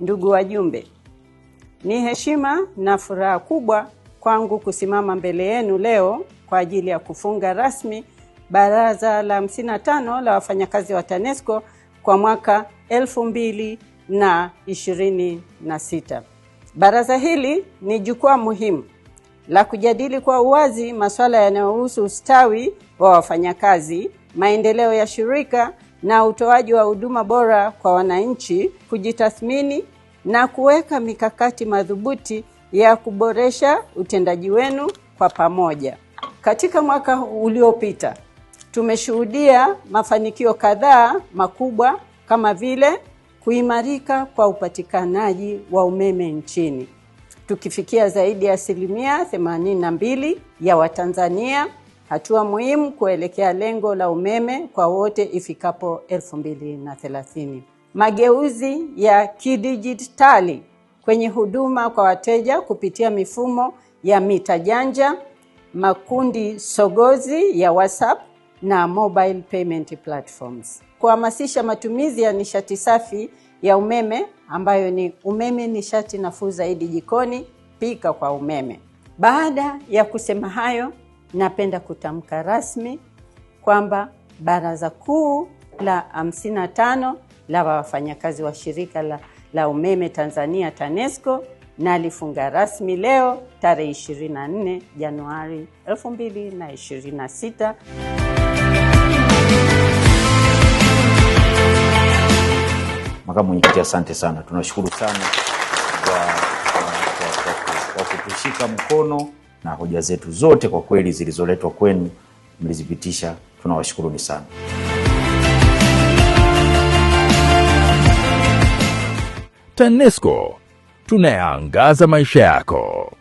Ndugu wajumbe, ni heshima na furaha kubwa kwangu kusimama mbele yenu leo kwa ajili ya kufunga rasmi baraza la 55 la wafanyakazi wa TANESCO kwa mwaka 2026. Baraza hili ni jukwaa muhimu la kujadili kwa uwazi masuala yanayohusu ustawi wa wafanyakazi, maendeleo ya shirika na utoaji wa huduma bora kwa wananchi, kujitathmini na kuweka mikakati madhubuti ya kuboresha utendaji wenu kwa pamoja. Katika mwaka uliopita tumeshuhudia mafanikio kadhaa makubwa kama vile kuimarika kwa upatikanaji wa umeme nchini tukifikia zaidi ya asilimia themanini na mbili ya Watanzania hatua muhimu kuelekea lengo la umeme kwa wote ifikapo 2030. Mageuzi ya kidijitali kwenye huduma kwa wateja kupitia mifumo ya mita janja, makundi sogozi ya WhatsApp na mobile payment platforms. Kuhamasisha matumizi ya nishati safi ya umeme ambayo ni umeme nishati nafuu zaidi jikoni, pika kwa umeme. Baada ya kusema hayo napenda kutamka rasmi kwamba Baraza Kuu la 55 la wafanyakazi wa shirika la, la umeme Tanzania TANESCO nalifunga rasmi leo tarehe 24 Januari 2026. Makamu Mwenyekiti, asante sana, tunashukuru sana kwa kutushika mkono na hoja zetu zote kwa kweli zilizoletwa kwenu mlizipitisha, tunawashukuruni sana. TANESCO tunayaangaza maisha yako.